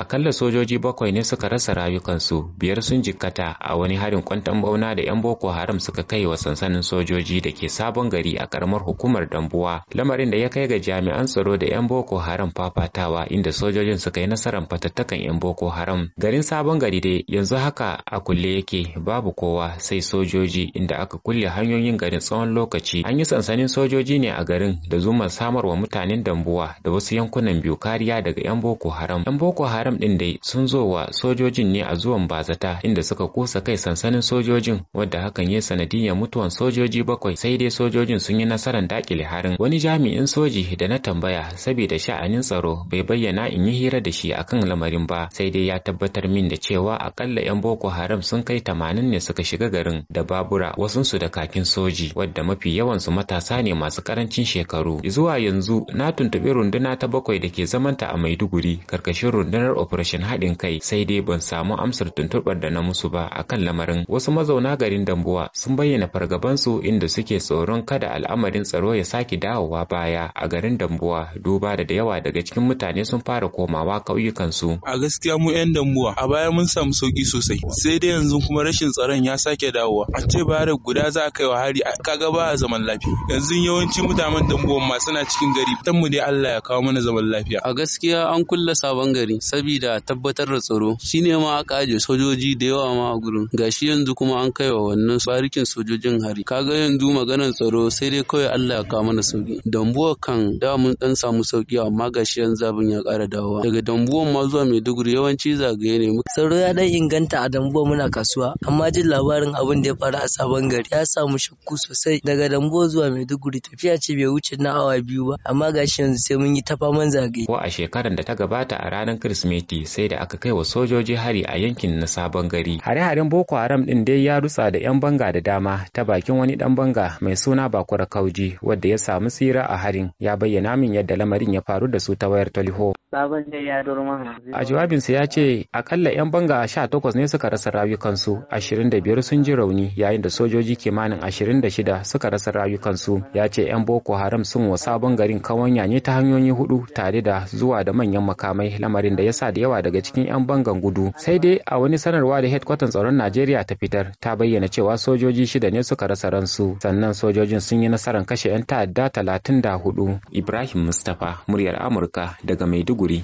Akalla sojoji bakwai ne suka rasa rayukansu, biyar sun jikkata a wani harin kwantan bauna da 'yan Boko Haram suka kai wa sansanin sojoji da ke sabon gari a karamar hukumar Dambuwa, lamarin da ya kai ga jami'an tsaro da 'yan Boko Haram fafatawa inda sojojin suka yi nasarar fatattakan 'yan Boko Haram. Garin sabon gari dai yanzu haka a kulle yake babu kowa sai sojoji inda aka kulle hanyoyin garin tsawon lokaci. An yi sansanin sojoji ne a garin da zuman samarwa mutanen Dambuwa da wasu yankunan biyu kariya daga 'yan Boko Haram. 'Yan Boko Haram haram ɗin dai sun zo wa sojojin ne a zuwan bazata inda suka kusa kai sansanin sojojin wadda hakan ya sanadiyar mutuwan sojoji bakwai sai dai sojojin sun yi nasarar dakile harin wani jami'in soji da na tambaya saboda sha'anin tsaro bai bayyana in yi hira da shi akan lamarin ba sai dai ya tabbatar min da cewa akalla 'yan boko haram sun kai tamanin ne suka shiga garin da babura su da kakin soji wadda mafi yawan su matasa ne masu karancin shekaru zuwa yanzu na tuntuɓi runduna ta bakwai da ke zamanta a maiduguri karkashin rundunar operation haɗin kai sai dai ban samu amsar tuntuɓar da na musu ba a kan lamarin wasu mazauna garin dambuwa sun bayyana fargabansu inda suke tsoron kada al'amarin tsaro ya sake dawowa baya a garin dambuwa duba da da yawa daga cikin mutane sun fara komawa ƙauyukansu. a gaskiya mu 'yan dambuwa a baya mun samu sauki sosai sai dai yanzu kuma rashin tsaron ya sake dawowa a ce da guda za a kai wa hari kaga ba zaman lafiya yanzu yawancin mutanen dambuwan ma suna cikin gari mu dai Allah ya kawo mana zaman lafiya a gaskiya an kulle sabon gari sabida tabbatar da tsaro shine ma aka sojoji da yawa ma a gurin gashi yanzu kuma an kai wa wannan barikin sojojin hari kaga yanzu maganar tsaro sai dai kawai Allah ya kawo mana sauki dambuwa kan da mun dan samu sauki amma gashi yanzu abin ya ƙara dawowa daga dambuwan ma zuwa Maiduguri yawanci zagaye ne tsaro ya dan inganta a dambuwa muna kasuwa amma jin labarin abin da ya faru a sabon gari ya samu shakku sosai daga dambuwa zuwa Maiduguri tafiya ce bai wuce na awa biyu ba amma gashi yanzu sai mun yi ta faman zagaye ko a shekarar da ta gabata a ranar Kirsimeti gwamnati sai da aka kai wa sojoji hari a yankin na sabon gari. Hare-haren Boko Haram ɗin dai ya rusa da 'yan banga da dama ta bakin wani ɗan banga mai suna Bakura Kauji wadda ya samu tsira a harin ya bayyana min yadda lamarin ya faru da su ta wayar toliho. A jawabinsa ya ce akalla 'yan banga sha takwas ne suka rasa rayukansu, biyar sun ji rauni yayin da sojoji kimanin shida suka rasa rayukansu. Ya ce 'yan Boko Haram sun wa sabon garin kawanya ne ta hanyoyi hudu tare da zuwa da manyan makamai lamarin da ya sa da yawa daga cikin 'yan bangan gudu. Sai dai a wani sanarwa da hedkwatan tsaron Najeriya ta fitar ta bayyana cewa sojoji shida ne suka rasa ransu sannan sojojin sun yi nasarar kashe 'yan ta'adda talatin da hudu. Ibrahim Mustapha muryar Amurka daga Maiduguri.